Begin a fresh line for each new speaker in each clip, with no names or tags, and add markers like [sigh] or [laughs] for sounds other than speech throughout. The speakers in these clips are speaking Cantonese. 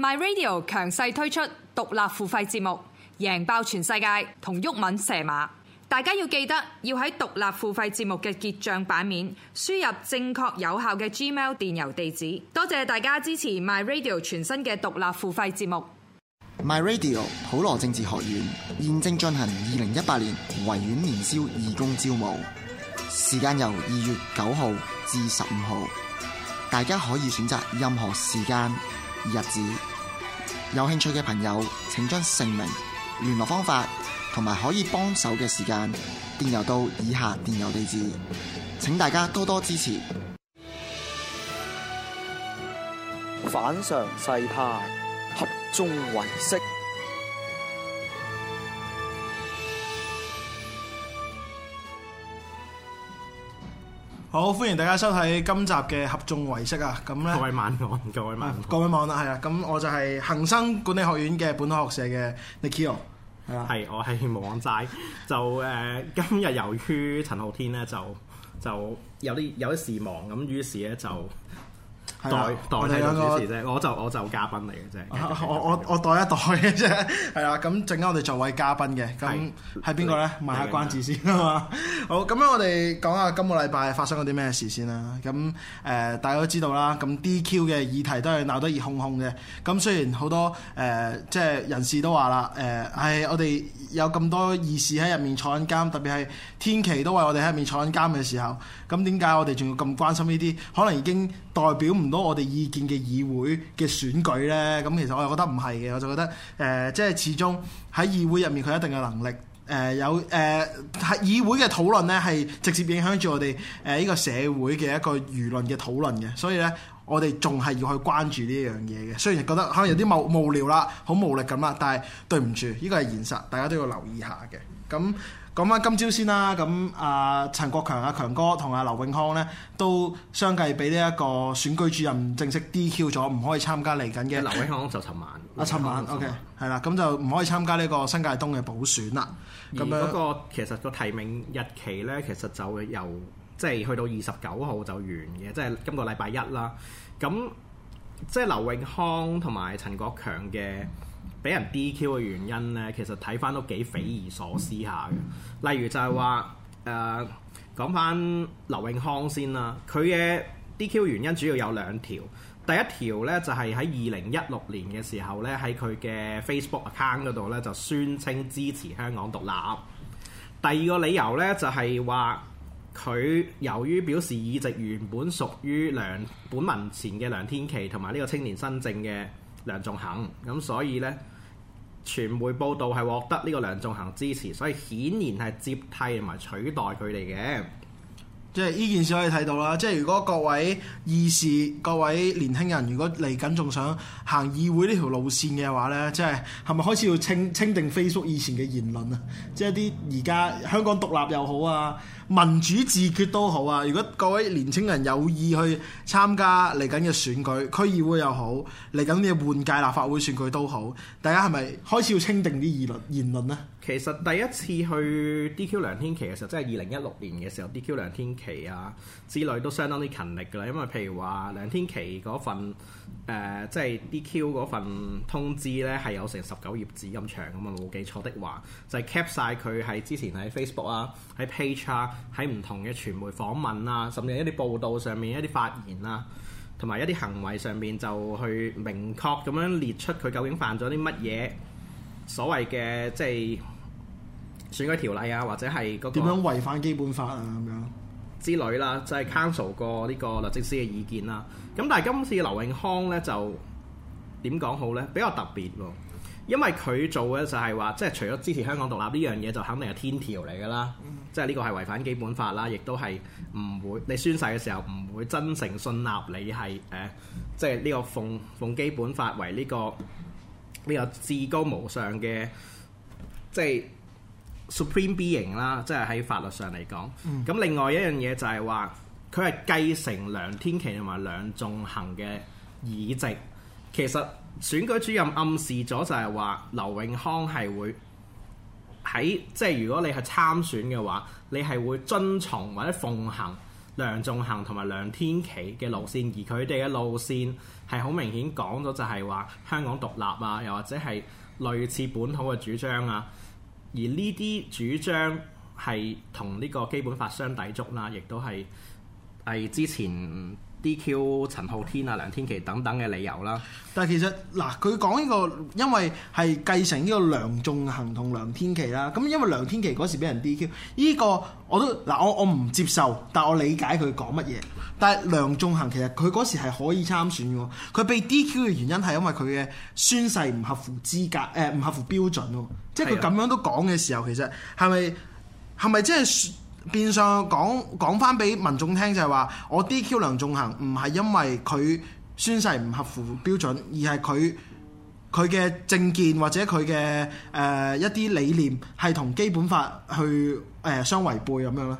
My Radio 強勢推出獨立付費節目，贏爆全世界同郁敏射馬。大家要記得要喺獨立付費節目嘅結賬版面輸入正確有效嘅 Gmail 電郵地址。多謝大家支持 My Radio 全新嘅獨立付費節目。My Radio 普羅政治學院現正進行二零一八年維園年宵義工招募，時間由二月九號至十五號，大家可以選擇任何時間。日子，有興趣嘅朋友，請將姓名、聯絡方法同埋可以幫手嘅時間電郵到以下電郵地址，請大家多多支持。反常世態，合眾唯識。好，歡迎大家收睇今集嘅合眾為色啊！咁咧，各位晚安，各位晚安，各位晚安啦，係啊！咁我就係恒生管理學院嘅本科學社嘅 n i k i o
係我係網齋， [laughs] 就誒、呃、今日由於陳浩天咧就就有啲有啲事忙咁， [laughs] 於是咧就。 [laughs]
代袋我哋兩個主持
啫，我就我就嘉賓嚟
嘅啫。我袋袋 [laughs] 我我代一代嘅啫，係啦。咁陣間我哋就位嘉賓嘅，咁係邊個咧？問下關子先啊嘛。 [laughs] 好，咁樣我哋講下今個禮拜發生咗啲咩事先啦。咁誒、呃、大家都知道啦。咁 DQ 嘅議題都係鬧得熱烘烘嘅。咁雖然好多誒、呃、即係人士都話啦，誒、呃，係，我哋有咁多議事喺入面坐緊監，特別係天琪都話我哋喺入面坐緊監嘅時候，咁點解我哋仲要咁關心呢啲？可能已經代表唔～到我哋意見嘅議會嘅選舉呢，咁其實我又覺得唔係嘅，我就覺得誒、呃，即係始終喺議會入面佢一定嘅能力誒，有誒係議會嘅討論呢，係直接影響住我哋誒呢個社會嘅一個輿論嘅討論嘅，所以呢，我哋仲係要去關注呢樣嘢嘅。雖然覺得可能有啲無無聊啦，好無力咁啦，但係對唔住，呢個係現實，大家都要留意下嘅。咁。講翻今朝先啦，咁阿陳國強、阿強哥同阿劉永康咧，都相繼俾呢一個選舉主任正式 DQ 咗，唔可以參加嚟緊嘅。劉永康就尋晚，啊尋晚，晚，OK，係啦，咁就唔可以參加呢個新界東嘅補選啦。咁嗰、嗰個，嗰
其實個提名日期咧，其實就由即係去到二十九號就完嘅，即係今個禮拜一啦。咁即係劉永康同埋陳國強嘅。嗯俾人 DQ 嘅原因呢，其實睇翻都幾匪夷所思下嘅。例如就係話，誒講翻劉穎匡先啦，佢嘅 DQ 原因主要有兩條。第一條呢，就係喺二零一六年嘅時候呢，喺佢嘅 Facebook account 嗰度呢，就宣稱支持香港獨立。第二個理由呢，就係話佢由於表示議席原本屬於梁本文前嘅梁天琦同埋呢個青年新政嘅。梁仲恒咁，所以呢，傳媒報道係獲得呢個梁仲恒支持，
所以顯然係接替同埋取代佢哋嘅。即係呢件事可以睇到啦，即係如果各位議事，各位年輕人如果嚟緊仲想行議會呢條路線嘅話呢，即係係咪開始要清清定 Facebook 以前嘅言論啊？即係啲而家香港獨立又好啊，民主自決都好啊。如果各位年輕人有意去參加嚟緊嘅選舉，區議會又好，嚟緊嘅換屆立法會選舉都好，大家係咪開始要清定啲言論言論咧？其實第一
次去 DQ 梁天琦嘅時候，即係二零一六年嘅時候，DQ 梁天琦啊之類都相當之勤力噶啦，因為譬如話梁天琦嗰份誒，即係 DQ 嗰份通知呢，係有成十九頁紙咁長咁啊，冇、嗯、我記錯的話，就係 cap 晒佢喺之前喺 Facebook 啊，喺 page 啊，喺唔同嘅傳媒訪問啊，甚至一啲報道上面一啲發言啊，同埋一啲行為上面就去明確咁樣列出佢究竟犯咗啲乜嘢所謂嘅即係。選舉條例啊，或者係嗰個點樣違反
基本法啊，咁樣
之類啦、啊，就係、是、consult 過呢個律政司嘅意見啦、啊。咁但係今次劉永康呢，就點講好呢？比較特別喎、啊，因為佢做嘅就係話、就是，即係除咗支持香港獨立呢樣嘢，這個、就肯定係天條嚟嘅啦。嗯、即係呢個係違反基本法啦，亦都係唔會你宣誓嘅時候唔會真誠信納你係誒、呃，即係呢個奉奉基本法為呢、這個呢、這個至高無上嘅，即係。Supreme Being 啦，即係喺法律上嚟講。咁、嗯、另外一樣嘢就係話，佢係繼承梁天琦同埋梁頌恆嘅議席。其實選舉主任暗示咗就係話，劉頴匡係會喺即係如果你係參選嘅話，你係會遵從或者奉行梁頌恆同埋梁天琦嘅路線，而佢哋嘅路線係好明顯講咗就係話香港獨立啊，又或者係類似本土嘅主張啊。而呢啲主張係同呢個基本法相抵觸啦，亦都係係之前 DQ 陳浩天啊、梁天琦等等嘅理由啦，但係其實
嗱，佢講呢個因為係繼承呢個梁頌恆同梁天琦啦，咁因為梁天琦嗰時俾人 DQ，呢個我都嗱我我唔接受，但我理解佢講乜嘢。但係梁頌恆其實佢嗰時係可以參選嘅，佢被 DQ 嘅原因係因為佢嘅宣誓唔合乎資格，誒、呃、唔合乎標準喎。即係佢咁樣都講嘅時候，的其實係咪係咪真係？是變相講講翻俾民眾聽就係話，我 DQ 梁頌恆唔係因為佢宣誓唔合符標準，而係佢佢嘅政見或者佢嘅誒一啲理念係同基本法去誒、呃、相違背咁樣咧。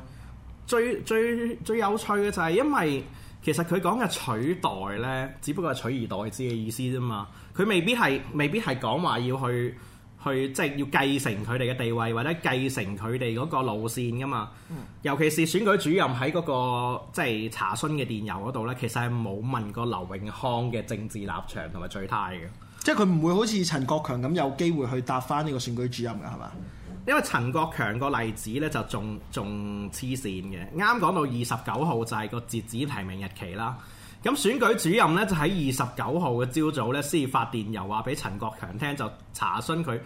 最最最有趣嘅就係
因為其實佢講嘅取代呢，只不過係取而代之嘅意思啫嘛，佢未必係未必係講話要去。去即係要繼承佢哋嘅地位或者繼承佢哋嗰個路線㗎嘛。嗯、尤其是選舉主任喺嗰、嗰個即係查詢嘅電郵嗰度呢，其實係冇問過劉永康嘅政治立場同埋取態嘅，
即係佢唔會好似陳國強咁有機會去答翻呢個選舉主任㗎係嘛？
因為陳國強個例子呢，就仲仲黐線嘅。啱講到二十九號，就係個截止提名日期啦。咁選舉主任咧，就喺二十九號嘅朝早咧，先發電郵話俾陳國強聽，就查詢佢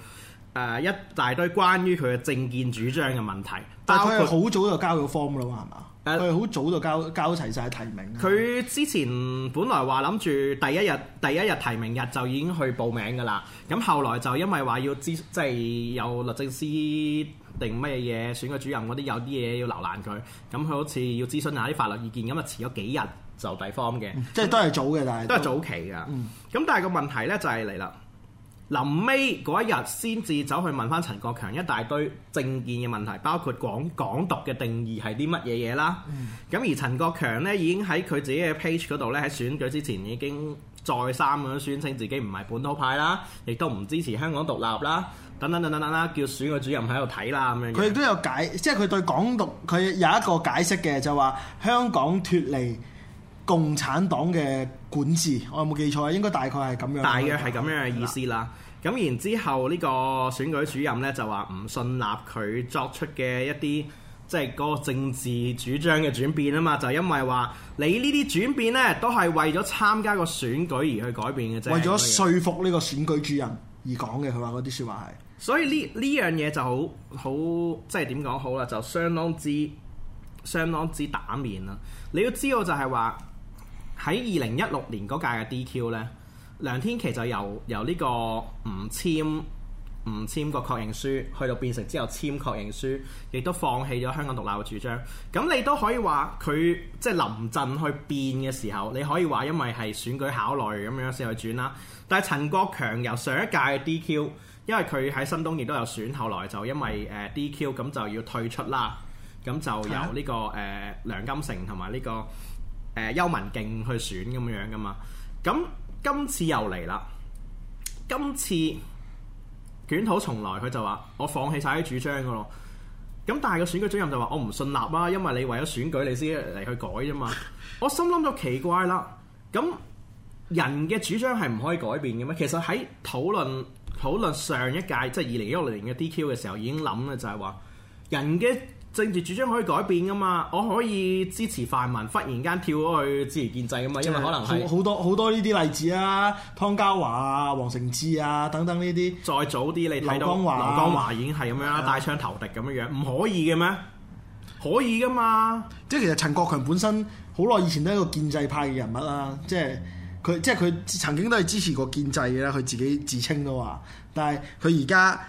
誒一大堆關於佢嘅政見主張嘅問題。但係佢好
早就交咗 form 啦，係嘛？
誒、呃，佢好早就交交齊晒提名。佢之前本來話諗住第一日第一日提名日就已經去報名㗎啦。咁後來就因為話要諮即係有律政司定乜嘢嘢選舉主任嗰啲有啲嘢要留難佢，咁佢好似要諮詢下啲法律意見，咁啊遲咗幾日。就地方嘅、嗯，
即係都係早嘅，但係都係早
期㗎。咁、嗯、但係個問題呢，就係嚟啦，臨尾嗰一日先至走去問翻陳國強一大堆政見嘅問題，包括講港、港獨嘅定義係啲乜嘢嘢啦？咁、嗯、而陳國強呢，已經喺佢自己嘅 page 嗰度呢，喺選舉之前已經再三咁宣稱自己唔係本土派啦，亦都唔支持香港獨立啦，等等等等等啦，叫選舉主任喺度睇啦咁
樣。佢都有解，即係佢對港獨佢有一個解釋嘅，就話、是、香港脫離。共產黨嘅管治，我有冇記錯？應該大概係咁樣。大約係
咁樣嘅意思啦。咁對然之後呢個選舉主任呢，就話唔信納佢作出嘅一啲即係嗰個政治主張嘅轉變啊嘛，就是、因為話你呢啲轉變呢，都係為咗參加個選舉而去改變嘅啫。為咗
說服呢個選舉主任而講嘅，佢話嗰啲説話係。
所以呢呢樣嘢就好好即係點講好啦？就相當之相當之打面啦。你要知道就係話。喺二零一六年嗰屆嘅 DQ 呢，梁天琦就由由呢個唔簽唔簽個確認書，去到變成之後簽確認書，亦都放棄咗香港獨立嘅主張。咁你都可以話佢即係臨陣去變嘅時候，你可以話因為係選舉考慮咁樣先去轉啦。但係陳國強由上一屆嘅 DQ，因為佢喺新東亦都有選，後來就因為誒 DQ，咁就要退出啦。咁就由呢個誒梁金城同埋呢個。誒、呃、邱文勁去選咁樣噶嘛？咁今次又嚟啦！今次捲土重來，佢就話：我放棄晒啲主張噶咯。咁但係個選舉主任就話：我唔信立啦、啊，因為你為咗選舉，你先嚟去改啫嘛。我心諗咗奇怪啦。咁人嘅主張係唔可以改變嘅咩？其實喺討論討論上一屆即係二零一六年嘅 DQ 嘅時候，已經諗啦，就係話人嘅。政治主張可以改變噶嘛？我可以支持泛民，忽然間跳咗去支持建制噶嘛？因為可能好多好多呢啲例子啊，湯家驊啊王啊等等華啊、黃成志啊等等呢啲。再早啲你睇到劉江華已經係咁樣啦，帶槍投敵
咁樣樣，唔係、啊、可以嘅咩？可以噶嘛？即係其實陳國強本身好耐以前都係一個建制派嘅人物啦、啊，即係佢即係佢曾經都係支持過建制嘅啦，佢自己自稱都話，但係佢而家。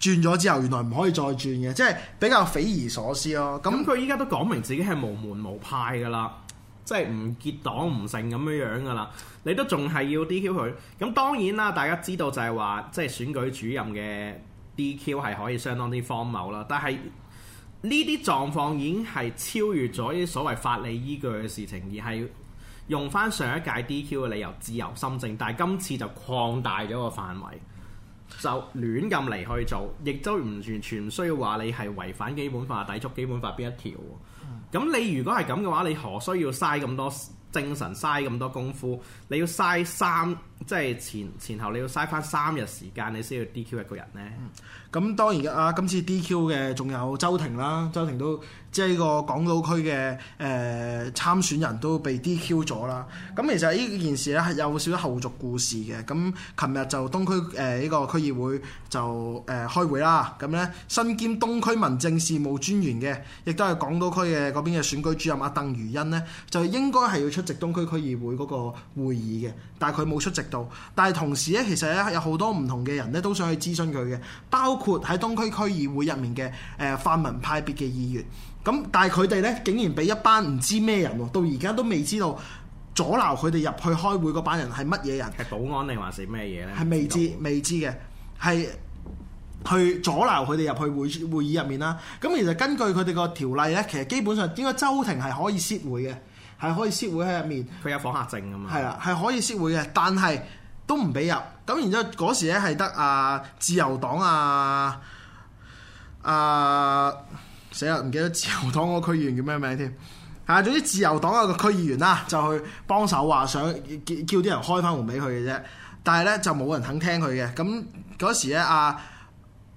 轉咗之後，原來唔可以再轉嘅，即係比較匪夷所思咯。咁佢依家都講明自己係無門無派
噶啦，即係唔結黨唔成咁樣樣噶啦。你都仲係要 DQ 佢。咁當然啦，大家知道就係話，即係選舉主任嘅 DQ 係可以相當之荒謬啦。但係呢啲狀況已經係超越咗啲所謂法理依據嘅事情，而係用翻上一屆 DQ 嘅理由自由心證。但係今次就擴大咗個範圍。就亂咁嚟去做，亦都唔完全唔需要話你係違反基本法、抵觸基本法邊一條喎。咁、嗯、你如果係咁嘅話，你何需要嘥咁多精神、嘥咁多功夫？你要嘥三。即係前前後，你要嘥翻三日時間，你先要 DQ 一個人咧。咁、嗯、當然啊，今次
DQ 嘅仲有周庭啦，周庭都即係呢個港島區嘅誒參選人都被 DQ 咗啦。咁其實呢件事咧係有少少後續故事嘅。咁琴日就東區誒呢個區議會就誒、呃、開會啦。咁咧身兼東區民政事務專員嘅，亦都係港島區嘅嗰邊嘅選舉主任阿鄧如欣咧，就應該係要出席東區區議會嗰個會議嘅，但係佢冇出席。度，但係同時咧，其實咧有好多唔同嘅人咧都想去諮詢佢嘅，包括喺東區區議會入面嘅誒、呃、泛民派別嘅議員。咁但係佢哋咧竟然俾一班唔知咩人喎，到而家都未知道阻撓佢哋入去開會嗰班人係乜嘢人？係保安定還是咩嘢咧？係未知未知嘅，係去阻撓佢哋入去會會議入面啦。咁其實根據佢哋個條例咧，其實基本上應該周庭係可以撤會嘅。係可以施會喺入面，佢有訪客證噶嘛？係啊，係可以施會嘅，但係都唔俾入。咁然之後嗰時咧，係得啊自由黨啊啊死啦！唔記得自由黨嗰個區議員叫咩名添？嚇、啊，總之自由黨有個區議員啦，就去幫手話想叫啲人開翻門俾佢嘅啫。但係咧就冇人肯聽佢嘅。咁嗰時咧啊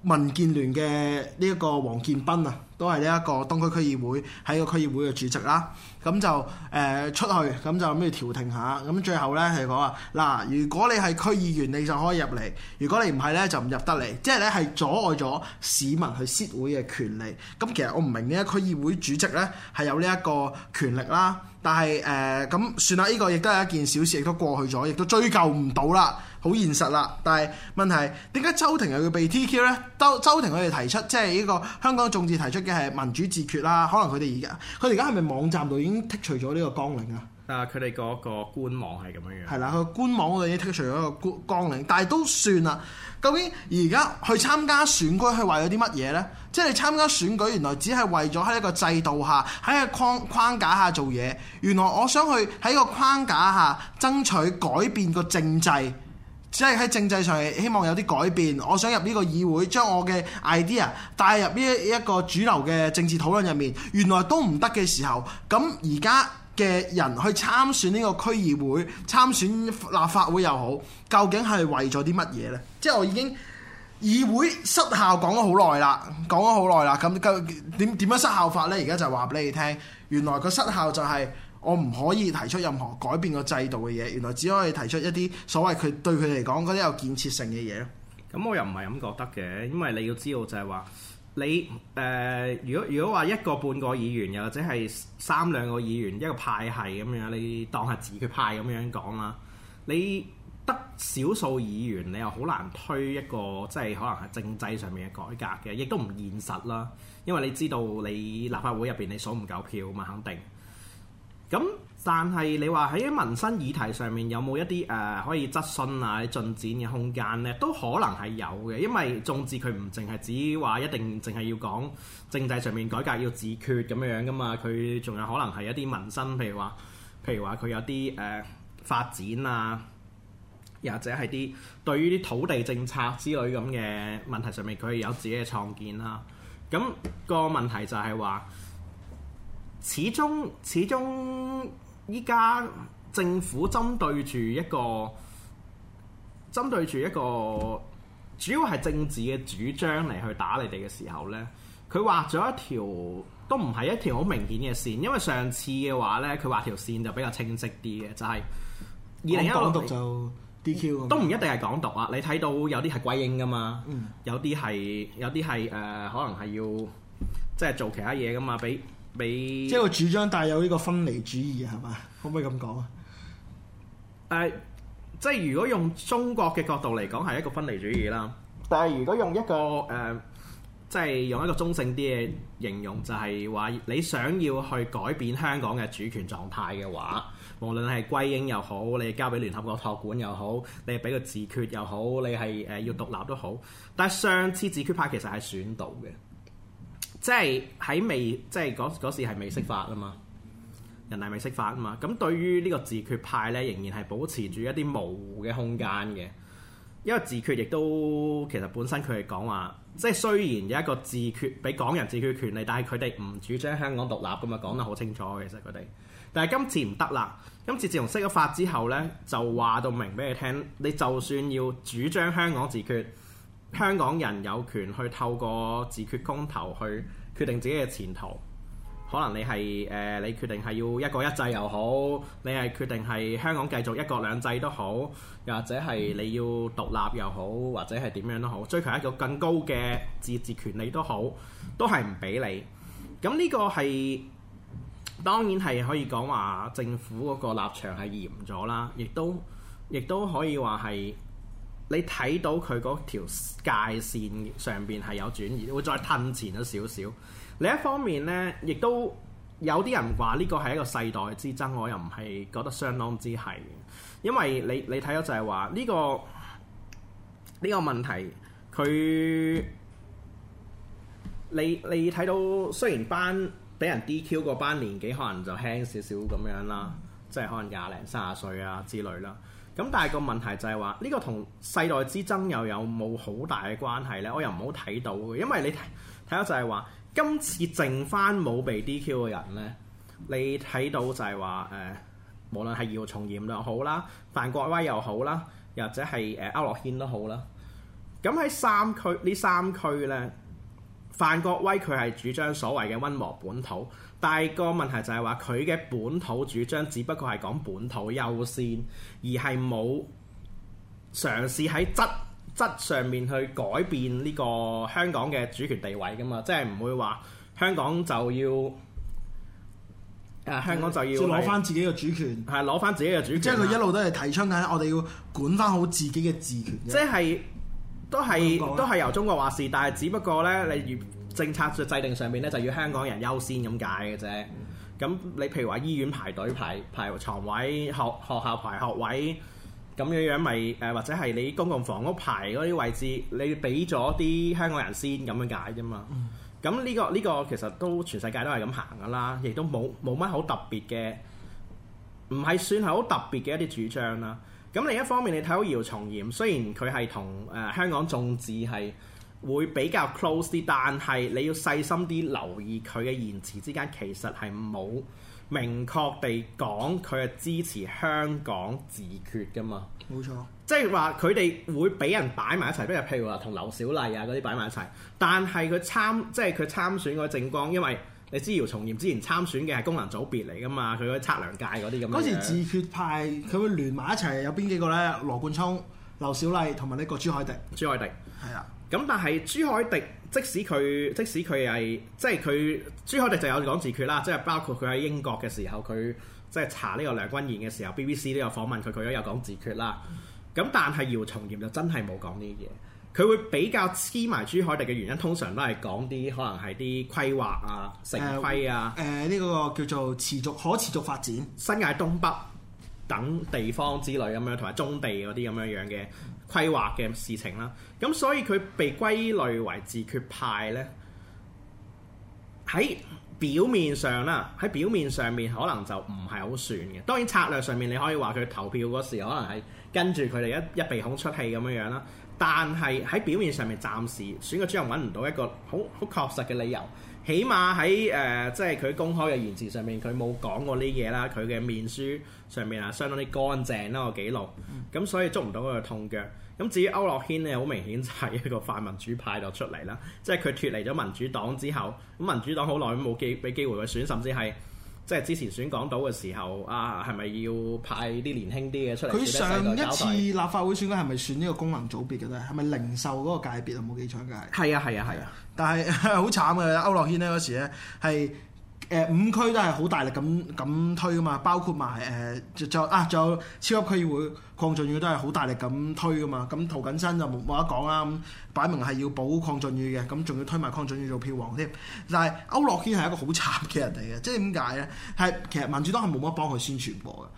民建聯嘅呢一個黃建斌啊，都係呢一個東區區議會喺個區議會嘅主席啦，啊。咁就誒、呃、出去，咁就諗住調停下，咁最後呢，係講啊，嗱，如果你係區議員，你就可以入嚟；如果你唔係呢，就唔入得嚟，即係呢，係阻礙咗市民去撤會嘅權利。咁其實我唔明呢區議會主席呢係有呢一個權力啦，但係誒咁算啦，呢、呢個亦都係一件小事，亦都過去咗，亦都追究唔到啦。好現實啦，但係問題點解周庭又要被 DQ 呢？周周庭佢哋提出即係呢個香港眾志提出嘅係民主自決啦。可能佢哋而家佢哋而家係咪網站度已經剔除咗呢個綱領啊？啊，佢哋嗰個官網係咁樣樣係啦，佢官網我哋已經剔除咗個綱綱領，但係都算啦。究竟而家去參加選舉係為咗啲乜嘢呢？即係你參加選舉原來只係為咗喺一個制度下喺個框框架下做嘢。原來我想去喺個框架下爭取改變個政制。即係喺政制上希望有啲改變，我想入呢個議會將我嘅 idea 帶入呢一個主流嘅政治討論入面，原來都唔得嘅時候，咁而家嘅人去參選呢個區議會、參選立法會又好，究竟係為咗啲乜嘢呢？即係我已經議會失效講咗好耐啦，講咗好耐啦，咁點點樣失效法呢？而家就話俾你聽，原來個失效就係。我唔可以提出任何改變個制度嘅嘢，原來只可以提出一啲所謂佢對佢嚟講嗰啲有建設性嘅嘢咯。
咁我又唔係咁覺得嘅，因為你要知道就係話你誒、呃，如果如果話一個半個議員，又或者係三兩個議員一個派系咁樣，你當係自決派咁樣講啦。你得少數議員，你又好難推一個即係可能係政制上面嘅改革嘅，亦都唔現實啦。因為你知道你立法會入邊你數唔夠票嘛，肯定。咁，但係你話喺民生議題上面有冇一啲誒、呃、可以質詢啊、進展嘅空間呢？都可能係有嘅，因為眾志佢唔淨係指話一定淨係要講政制上面改革要自決咁樣樣噶嘛，佢仲有可能係一啲民生，譬如話，譬如話佢有啲誒、呃、發展啊，又或者係啲對於啲土地政策之類咁嘅問題上面，佢有自己嘅創建啦、啊。咁個問題就係話。始終始終依家政府針對住一個針對住一個主要係政治嘅主張嚟去打你哋嘅時候呢，佢畫咗一條都唔係一條好明顯嘅線，因為上次嘅話呢，佢畫條線就比較清晰啲嘅，就係
二零一六港獨就 DQ 都唔
一定係港獨啊。你睇到有啲係鬼影噶嘛？嗯、有啲係有啲係誒，可能係要即係做其他嘢噶嘛，俾。即係個主
張帶有呢個分離主義係嘛？可唔可以咁講啊？但係、呃、
即係如果用中國嘅角度嚟講，係一個分離主義啦。但係如果用一個誒、呃，即係用一個中性啲嘅形容，就係話你想要去改變香港嘅主權狀態嘅話，無論係歸英又好，你交俾聯合國託管又好，你俾個自決又好，你係誒、呃、要獨立都好。但係上次自決派其實係選到嘅。即係喺未，即係嗰嗰時係未釋法啊嘛，人大未釋法啊嘛。咁對於呢個自決派咧，仍然係保持住一啲模糊嘅空間嘅。因為自決亦都其實本身佢係講話，即係雖然有一個自決，俾港人自決權利，但係佢哋唔主張香港獨立咁啊，講得好清楚。其實佢哋，但係今次唔得啦。今次自從釋咗法之後咧，就話到明俾佢聽，你就算要主張香港自決。香港人有權去透過自決公投去決定自己嘅前途。可能你係誒、呃，你決定係要一國一制又好，你係決定係香港繼續一國兩制都好，又或者係你要獨立又好，或者係點樣都好，追求一個更高嘅自治權利都好，都係唔俾你。咁呢個係當然係可以講話政府嗰個立場係嚴咗啦，亦都亦都可以話係。你睇到佢嗰條界線上邊係有轉移，會再褪前咗少少。另一方面呢，亦都有啲人話呢個係一個世代之爭，我又唔係覺得相當之係，因為你你睇到就係話呢個呢個問題，佢你你睇到雖然班俾人 DQ 嗰班年紀可能就輕少少咁樣啦，即係可能廿零三十歲啊之類啦。咁但係個問題就係話呢個同世代之爭又有冇好大嘅關係呢？我又唔好睇到嘅，因為你睇睇到就係話今次剩翻冇被 DQ 嘅人呢，你睇到就係話誒，無論係姚松炎又好啦，范國威又好啦，又或者係誒、呃、區諾軒都好啦。咁喺三區呢三區呢，范國威佢係主張所謂嘅溫和本土。第個問題就係話佢嘅本土主張，只不過係講本土優先，而係冇嘗試喺質質上面去改變呢個香港嘅主權地位噶嘛，即係唔會話香港就要，啊香港就要攞翻自
己嘅主權，係攞翻自己嘅主權，即係佢一路都係提倡緊，我哋要管翻好自己嘅自權，即係都係、啊、都係由中國
話事，但係只不過呢，你。政策嘅制定上面咧，就要香港人優先咁解嘅啫。咁你譬如話醫院排隊排排牀位、學學校排學位，咁樣樣咪誒，或者係你公共房屋排嗰啲位置，你俾咗啲香港人先咁樣解啫嘛。咁呢、嗯這個呢、這個其實都全世界都係咁行噶啦，亦都冇冇乜好特別嘅，唔係算係好特別嘅一啲主張啦。咁另一方面，你睇到姚松炎，雖然佢係同誒香港眾志係。會比較 close 啲，但係你要細心啲留意佢嘅言辭之間，其實係冇明確地講佢係支持香港自決嘅嘛。冇錯，即係話佢哋會俾人擺埋一齊，不過譬如話同劉小麗啊嗰啲擺埋一齊，但係佢參即係佢參選嗰個政綱，因為你知姚松炎之前參選嘅係功能組別嚟噶嘛，佢個測量界嗰啲咁。嗰時自
決派佢會聯埋一齊，有邊幾個呢？羅冠聰、
劉小麗同埋呢個朱海迪。朱海迪，係啊。咁但係朱凱迪，即使佢即使佢係即係佢朱凱迪就有講自決啦，即係包括佢喺英國嘅時候，佢即係查呢個梁君彥嘅時候，BBC 都有訪問佢，佢都有講自決啦。咁、嗯、但係姚松炎就真係冇講呢啲嘢，佢會比較黐埋朱凱迪嘅原因，通常都係講啲可能係啲規劃啊、城規啊、誒呢、呃呃呢個叫做持續可持續發展新界東北。等地方之類咁樣，同埋棕地嗰啲咁樣樣嘅規劃嘅事情啦，咁所以佢被歸類為自決派呢。喺表面上啦，喺表面上面可能就唔係好算嘅。當然策略上面你可以話佢投票嗰時可能係跟住佢哋一一鼻孔出氣咁樣樣啦，但係喺表面上面暫時選舉主任揾唔到一個好好確實嘅理由。起碼喺誒，即係佢公開嘅言辭上面，佢冇講過呢嘢啦。佢嘅面書上面啊，相當之乾淨啦個記錄。咁所以捉唔到佢嘅痛腳。咁至於歐樂軒咧，好明顯就係一個泛民主派度出嚟啦。即係佢脫離咗民主黨之後，咁民主黨好耐冇機俾機會佢選，甚至係。即係之前選港島嘅時候，啊，係咪要派啲年輕啲嘅出嚟？佢上一次
立法會選舉係咪選呢個功能組別嘅咧？係咪零售嗰個界別有有界啊？冇記錯嘅係。係啊係啊係啊，啊！但係好 [laughs] 慘嘅，歐樂軒咧嗰時咧係。五區都係好大力咁咁推啊嘛，包括埋誒就啊，仲有超級區議會鄺俊宇都係好大力咁推啊嘛，咁涂謹申就冇冇得講啦，咁、嗯、擺明係要保鄺俊宇嘅，咁、嗯、仲要推埋鄺俊宇做票王添。但係區諾軒係一個好慘嘅人嚟嘅，即係點解呢，係其實民主黨係冇乜幫佢宣傳過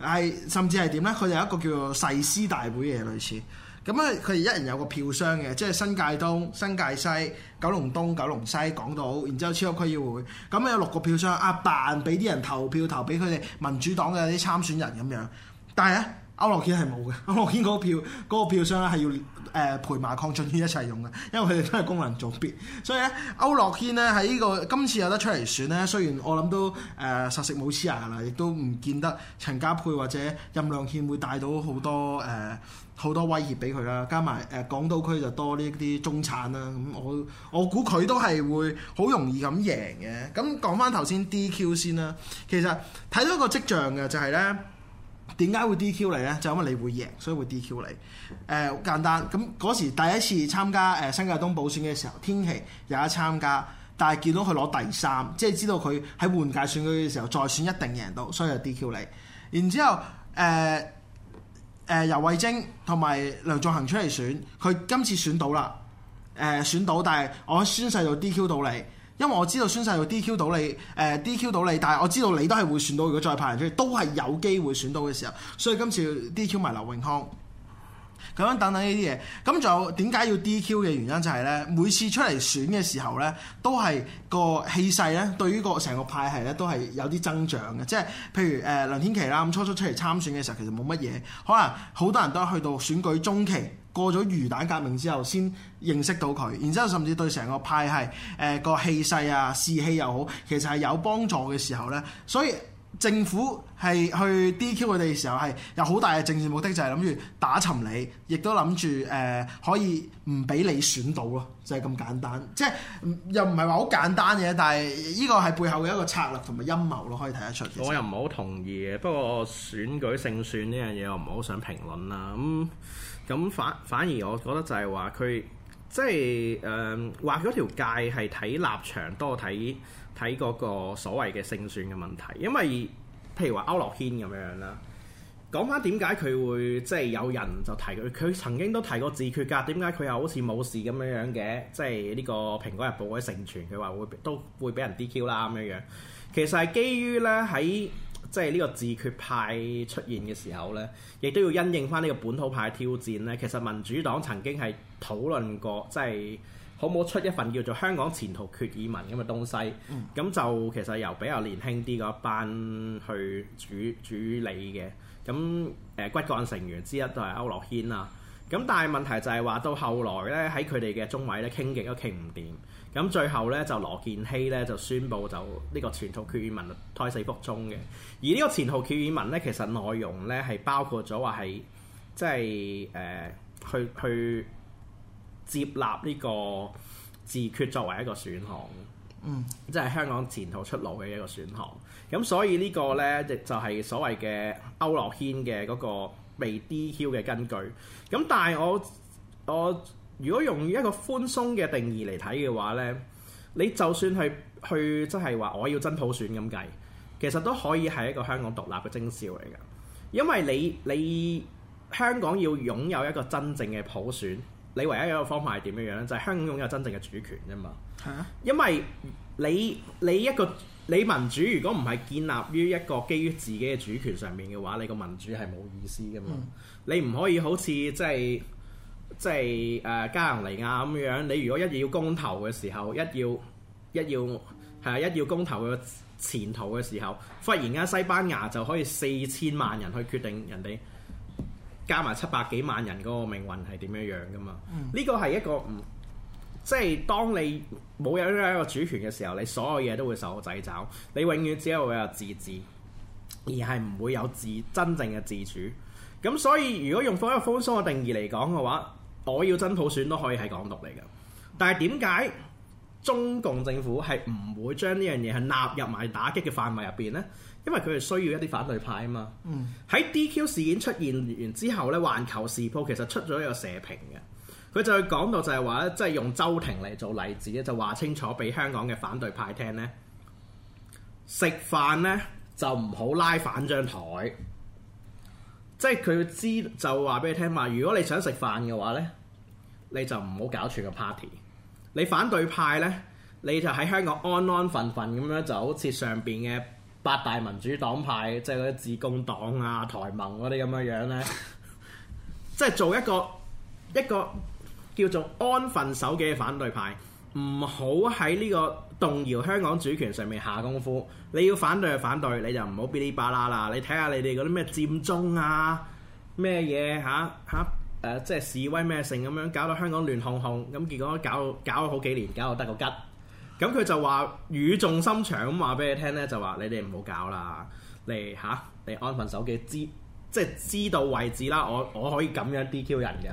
嘅，係甚至係點呢？佢哋有一個叫做誓師大會嘅類似。咁啊，佢哋一人有個票箱嘅，即係新界東、新界西、九龍東、九龍西、港島，然之後超級區議會，咁啊有六個票箱啊，扮俾啲人投票投俾佢哋民主黨嘅啲參選人咁樣。但係咧，區諾軒係冇嘅，區諾軒嗰票嗰、那個票，那個、票箱咧係要誒、呃、陪埋抗進先一齊用嘅，因為佢哋都係功能組別。所以咧，區諾軒咧喺呢、這個今次有得出嚟選咧，雖然我諗都誒、呃、實食冇黐牙啦，亦都唔見得陳家珮或者任亮憲會帶到好多誒。呃好多威脅俾佢啦，加埋誒、呃、港島區就多呢啲中產啦，咁我我估佢都係會好容易咁贏嘅。咁講翻頭先 DQ 先啦，其實睇到一個跡象嘅就係呢，點解會 DQ 你呢？就是、因為你會贏，所以會 DQ 你。誒、呃、簡單，咁嗰時第一次參加誒、呃、新界東補選嘅時候，天琦有一參加，但係見到佢攞第三，即係知道佢喺換屆選舉嘅時候再選一定贏到，所以就 DQ 你。然之後誒。呃誒游蕙禎同埋梁頌恆出嚟選，佢今次選到啦。誒、呃、選到，但係我宣誓到 D.Q. 到你，因為我知道宣誓到 D.Q. 到你。誒、呃、D.Q. 到你，但係我知道你都係會選到。如果再派人出嚟，都係有機會選到嘅時候，所以今次 D.Q. 埋劉永康。咁樣等等呢啲嘢，咁仲有點解要 DQ 嘅原因就係咧，每次出嚟選嘅時候咧，都係個氣勢咧，對於個成個派系咧都係有啲增長嘅。即係譬如誒、呃、梁天琦啦，咁初初出嚟參選嘅時候，其實冇乜嘢，可能好多人都係去到選舉中期，過咗魚蛋革命之後先認識到佢，然之後甚至對成個派系誒、呃、個氣勢啊，士氣又好，其實係有幫助嘅時候咧，所以。政府係去 DQ 佢哋嘅時候係有好大嘅政治目的，就係諗住打沉你，亦都諗住誒可以唔俾你選到咯，就係、是、咁簡單。即係又唔係話好簡單嘅，但係呢個係背後嘅一個策略同埋陰謀咯，可以睇得出。我又唔係
好同意嘅，不過選舉勝算呢樣嘢我唔係好想評論啦。咁、嗯、咁反反而我覺得就係話佢即係誒話嗰條界係睇立場多睇睇嗰個所謂嘅勝算嘅問題，因為譬如話區諾軒咁樣啦，講翻點解佢會即係、就是、有人就提佢，佢曾經都提過自決噶，點解佢又好似冇事咁樣樣嘅？即係呢個《蘋果日報》嗰啲盛傳，佢話會都會俾人 DQ 啦，咁樣樣。其實係基於咧喺即係呢個自決派出現嘅時候咧，亦都要因應翻呢個本土派嘅挑戰咧。其實民主黨曾經係討論過，即、就、係、是。好唔好出一份叫做《香港前途決議文》咁嘅東西，咁、嗯、就其實由比較年輕啲嗰一班去主主理嘅，咁誒、呃、骨幹成員之一就係歐樂軒啦、啊。咁但係問題就係話到後來咧，喺佢哋嘅中委咧傾極都傾唔掂，咁最後咧就羅健熙咧就宣布就呢個《前途決議文》胎死腹中嘅。而呢個《前途決議文》咧，其實內容咧係包括咗話係即係誒去去，去接納呢個自決作為一個選項，嗯，即係香港前途出路嘅一個選項。咁所以呢個呢，就就是、係所謂嘅歐樂軒嘅嗰個被 DQ 嘅根據。咁但係我我如果用一個寬鬆嘅定義嚟睇嘅話呢，你就算係去即係話我要真普選咁計，其實都可以係一個香港獨立嘅徵兆嚟㗎，因為你你香港要擁有一個真正嘅普選。你唯一一個方法係點樣樣咧？就係、是、香港擁有真正嘅主權啫嘛。係啊。因為你你一個你民主如果唔係建立於一個基於自己嘅主權上面嘅話，你個民主係冇意思㗎嘛。嗯、你唔可以好似即係即係誒、呃、加泰隆尼亞咁樣。你如果一要公投嘅時候，一要一要係啊一要公投嘅前途嘅時候，忽然間西班牙就可以四千萬人去決定人哋。加埋七百幾萬人嗰個命運係點樣樣噶嘛。呢個係一個唔即係當你冇有呢一個主權嘅時候，你所有嘢都會受掣肘，你永遠只係會有自治，而係唔會有自真正嘅自主。咁所以如果用方一方鬆嘅定義嚟講嘅話，我要真普選都可以係港獨嚟嘅。但係點解？中共政府係唔會將呢樣嘢係納入埋打擊嘅範圍入邊咧，因為佢係需要一啲反對派啊嘛。喺、嗯、DQ 事件出現完之後咧，環球時報其實出咗一個社評嘅，佢就係講到就係話即係用周庭嚟做例子咧，就話清楚俾香港嘅反對派聽呢，食飯呢，就唔好拉反張台，即係佢知就話、是、俾你聽嘛，如果你想食飯嘅話呢，你就唔好搞住個 party。你反對派呢，你就喺香港安安分分咁樣，就好似上邊嘅八大民主黨派，即係嗰啲致公黨啊、台盟嗰啲咁嘅樣呢，即係、就是、做一個一個叫做安分守己嘅反對派，唔好喺呢個動搖香港主權上面下功夫。你要反對就反對，你就唔好嗶哩巴拉啦。你睇下你哋嗰啲咩佔中啊，咩嘢嚇嚇。誒、呃，即係示威咩性咁樣，搞到香港亂哄哄，咁結果搞搞咗好幾年，搞到得個吉。咁佢就話語重心長咁話俾你聽呢，就話你哋唔好搞啦，你嚇嚟、啊、安份守己知，即係知道位置啦。我我可以咁樣 DQ 人嘅，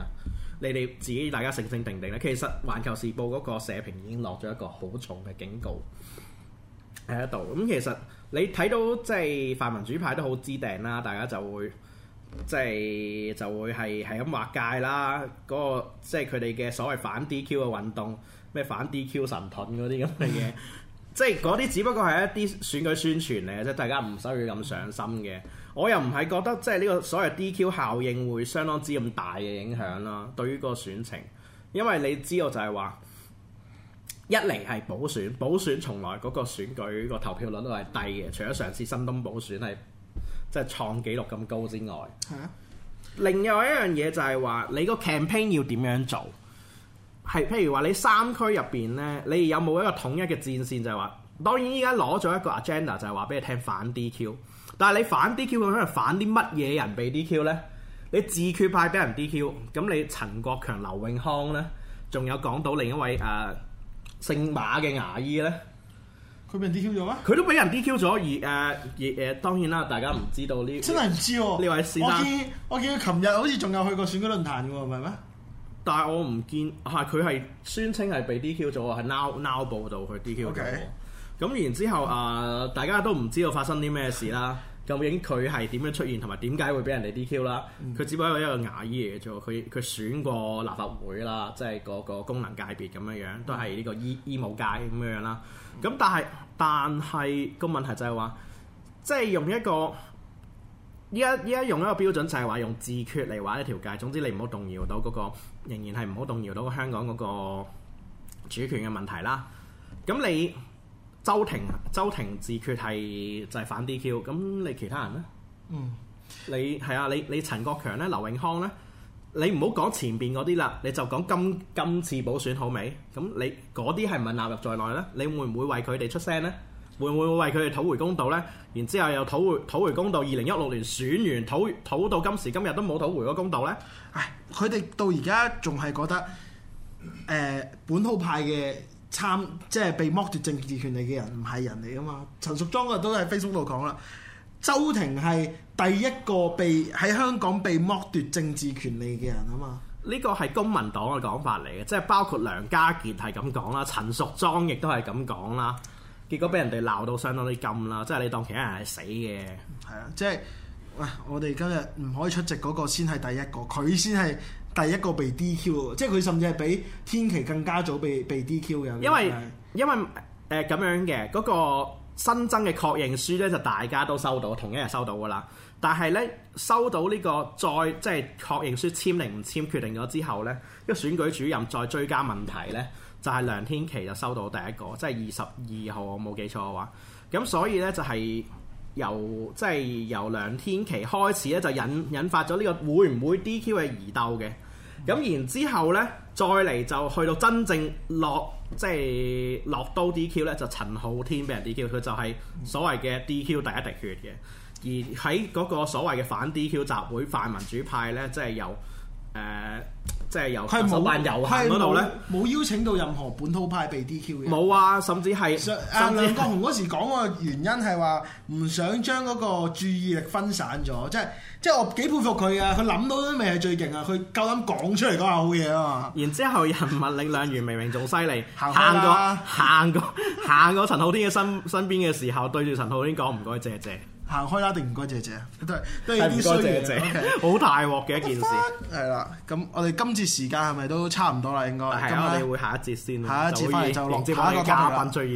你哋自己大家醒醒定定啦。其實《環球時報》嗰個社評已經落咗一個好重嘅警告喺度。咁、嗯、其實你睇到即係泛民主派都好知定啦，大家就會。即係就會係係咁劃界啦，嗰、嗰個即係佢哋嘅所謂反 DQ 嘅運動，咩反 DQ 神盾嗰啲咁嘅嘢， [laughs] 即係嗰啲只不過係一啲選舉宣傳嚟嘅，即係大家唔使要咁上心嘅。我又唔係覺得即係呢個所謂 DQ 效應會相當之咁大嘅影響啦、啊，嗯、對於個選情，因為你知道就係話一嚟係補選，補選從來嗰個選舉個投票率都係低嘅，除咗上次新東補選係。即係創紀錄咁高之外，啊、另外一樣嘢就係話你個 campaign 要點樣做？係譬如話你三區入邊咧，你有冇一個統一嘅戰線？就係話，當然依家攞咗一個 agenda 就係話俾你聽反 DQ，但係你反 DQ，佢想反啲乜嘢人被 DQ 咧？你自決派俾人 DQ，咁你陳國強、劉永康咧，仲有講到另一位誒、呃、姓馬嘅牙醫咧。
佢俾人 DQ 咗咩？
佢都俾人 DQ 咗，而誒、呃，而誒、呃，當然啦，大家唔知道呢。真係唔
知喎。呢位先生我，我見我見佢琴日好似仲有去過選舉論壇嘅喎，唔係咩？
但係我唔見，係佢係宣稱係被 DQ 咗，係 NOW NOW 報道佢 DQ 咗。咁 Okay. 然之後啊、呃，大家都唔知道發生啲咩事啦。 [laughs] 究竟佢係點樣出現，同埋點解會俾人哋 DQ 啦？佢、嗯、只不過係一個牙醫嚟嘅啫，佢佢選過立法會啦，即係嗰個功能界別咁樣樣，都係呢個醫醫務界咁樣樣啦。咁但係但係個問題就係話，即、就、係、是、用一個依家依家用一個標準就係話用自決嚟劃一條界，總之你唔好動搖到嗰、那個，仍然係唔好動搖到香港嗰個主權嘅問題啦。咁你。周庭周庭自決係就係、是、反 DQ，咁你其他人呢？嗯，你係啊，你你陳國強咧，劉永康咧，你唔好講前邊嗰啲啦，你就講今今次補選好未？咁你嗰啲係唔係納入在內咧？你會唔會為佢哋出聲咧？會唔會為佢哋討回公道咧？然之後又討回討回公道，二零一六年選完討討到今時今日都冇討回嗰公道咧？唉，佢哋到
而家仲係覺得、呃、本土派嘅。參即係被剝奪政治權利嘅人唔係人嚟噶嘛？陳淑莊今日都喺 Facebook 度講啦，周庭係第一個被喺香港被剝奪政治權利嘅人啊嘛。
呢個係公民黨嘅講法嚟嘅，即係包括梁家傑係咁講啦，陳淑莊亦都係咁講啦，結果俾人哋鬧到相當啲禁啦，嗯、即係你當其他人係死嘅。係啊，
即係喂，我哋今日唔可以出席嗰個先係第一個，佢先係。第一個被 DQ，即係佢甚至係比天琪更加早被被 DQ 嘅。因為是是因為
誒咁、呃、樣嘅嗰、嗰個新增嘅確認書咧，就大家都收到，同一日收到噶啦。但係咧收到呢、呢個再即係確認書簽籤唔簽決定咗之後咧，個選舉主任再追加問題咧，就係、是、梁天琪就收到第一個，即係二十二號我冇記錯嘅話，咁所以咧就係、是。由即係由梁天琦開始咧，就引引發咗呢個會唔會 DQ 嘅疑竇嘅，咁然之後呢，再嚟就去到真正落即係落刀 DQ 呢，就陳浩天俾人 DQ，佢就係所謂嘅 DQ 第一滴血嘅。而喺嗰個所謂嘅反 DQ 集會泛民主派呢，即係由誒。呃
即係由手辦遊行嗰度咧，冇邀請到任何本土派被 DQ 嘅。冇啊，甚至係啊梁國、啊、雄嗰時講嘅原因係話唔想將嗰個注意力分散咗，即係即係我幾佩服佢啊！佢諗到都未係最勁啊，佢夠膽講出
嚟講下好嘢啊嘛！然之後人民力量完明明仲犀利，行 [laughs] 走過行過行過陳浩天嘅身 [laughs] 身邊嘅時候，對住陳浩天講唔該謝謝。
行開啦，定唔該，謝謝不。都係，都係啲需要嘅好大鑊嘅一件事。係啦，咁我哋今次時間係咪都差唔多啦？應該。係咁 [laughs] 了次我哋會下一節先。下一節翻嚟就落就接我哋嘉賓最